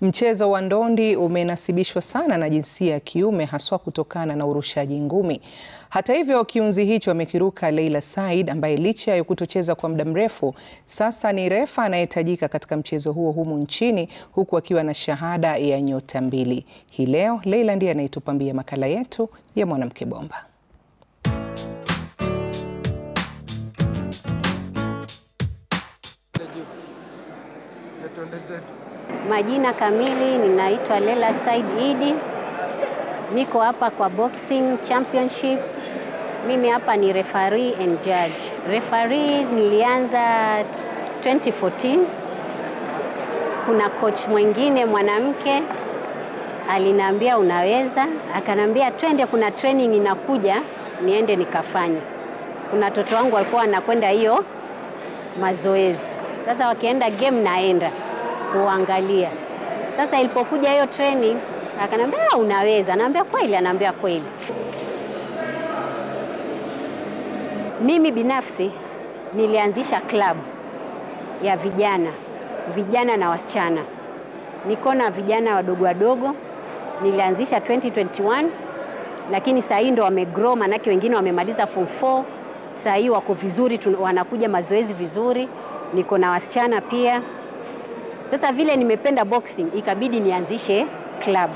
Mchezo wa ndondi umenasibishwa sana na jinsia ya kiume haswa kutokana na urushaji ngumi. Hata hivyo, kiunzi hicho amekiruka Leila Said ambaye licha ya kutocheza kwa muda mrefu, sasa ni refa anayetajika katika mchezo huo humu nchini huku akiwa na shahada ya nyota mbili. Hii leo Leila ndiye anayetupambia makala yetu ya Mwanamke Bomba. Majina kamili ninaitwa Lela Said Idi, niko hapa kwa boxing championship. Mimi hapa ni referee and judge. Referee nilianza 2014. Kuna coach mwingine mwanamke aliniambia unaweza, akanambia twende, kuna training inakuja, niende nikafanye. Kuna mtoto wangu walikuwa wanakwenda hiyo mazoezi, sasa wakienda game naenda kuangalia. Sasa ilipokuja hiyo training akanambia ah, unaweza, naambia kweli, anaambia kweli. Mimi binafsi nilianzisha klabu ya vijana vijana na wasichana, niko na vijana wadogo wadogo, nilianzisha 2021 lakini saa hii ndo wamegrow, manake wengine wamemaliza form 4 saa hii wako vizuri, wanakuja mazoezi vizuri. Niko na wasichana pia sasa vile nimependa boxing, ikabidi nianzishe club.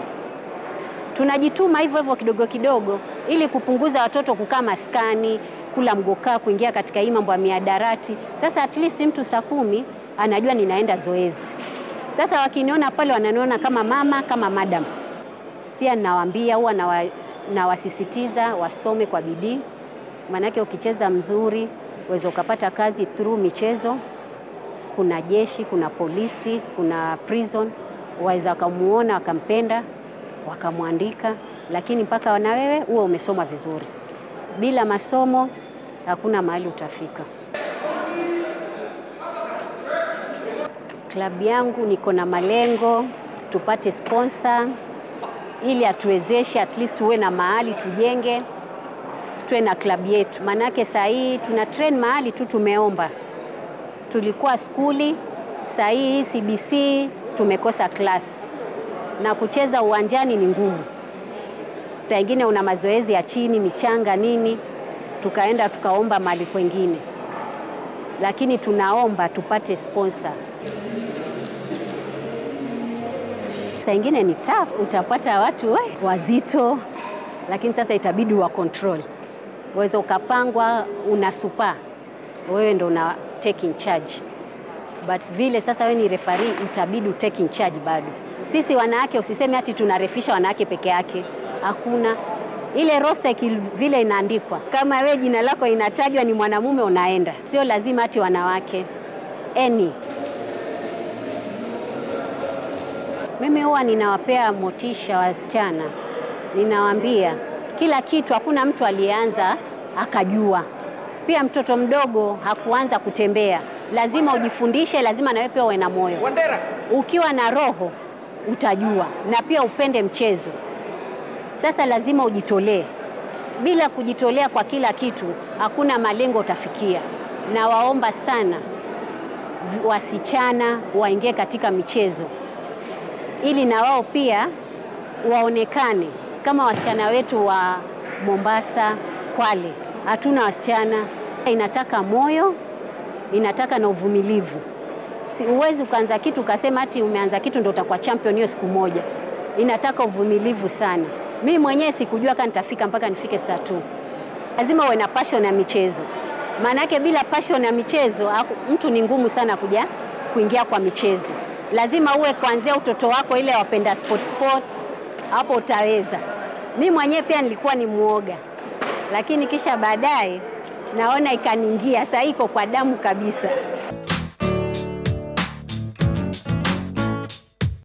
Tunajituma hivyo hivyo kidogo kidogo, ili kupunguza watoto kukaa maskani, kula mgokaa, kuingia katika hii mambo ya miadarati. Sasa at least mtu saa kumi anajua ninaenda zoezi. Sasa wakiniona pale, wananiona kama mama, kama madam. Pia nawaambia huwa nawasisitiza na wasome kwa bidii, maanake ukicheza mzuri uweza ukapata kazi through michezo kuna jeshi, kuna polisi, kuna prison, waweza wakamuona wakampenda wakamwandika, lakini mpaka na wewe huwe umesoma vizuri. Bila masomo hakuna mahali utafika. Klabu yangu niko na malengo tupate sponsor ili atuwezeshe at least tuwe na mahali tujenge, tuwe na klabu yetu, maanake saa hii tuna train mahali tu tumeomba tulikuwa skuli, saa hii CBC tumekosa klasi na kucheza uwanjani ni ngumu. Saa ingine una mazoezi ya chini, michanga nini, tukaenda tukaomba mali kwengine, lakini tunaomba tupate sponsor. Saa ingine ni tough, utapata watu we, wazito, lakini sasa itabidi wa control, uweza ukapangwa una supaa wewe ndo una taking charge, but vile sasa wewe ni referee itabidi taking charge bado. Sisi wanawake usiseme hati tunarefisha wanawake peke yake, hakuna ile roster vile inaandikwa. Kama we jina lako inatajwa ni mwanamume, unaenda, sio lazima hati wanawake eni. Mimi huwa ninawapea motisha wasichana, ninawaambia kila kitu, hakuna mtu alianza akajua pia mtoto mdogo hakuanza kutembea, lazima ujifundishe, lazima nawe pia uwe na moyo. Ukiwa na roho utajua, na pia upende mchezo. Sasa lazima ujitolee. Bila kujitolea kwa kila kitu, hakuna malengo utafikia. Na waomba sana wasichana waingie katika michezo ili na wao pia waonekane kama wasichana wetu wa Mombasa, Kwale hatuna wasichana. Inataka moyo, inataka na uvumilivu. Si uwezi ukaanza kitu ukasema ati umeanza kitu ndio utakuwa champion hiyo siku moja. Inataka uvumilivu sana. mi mwenyewe sikujua kama nitafika mpaka nifike star two. Lazima uwe na passion ya michezo, maana yake bila passion ya michezo mtu ni ngumu sana kuja kuingia kwa michezo. Lazima uwe kuanzia utoto wako ile wapenda sport sport, hapo utaweza. mi mwenyewe pia nilikuwa ni mwoga lakini kisha baadaye naona ikaningia sasa iko kwa damu kabisa.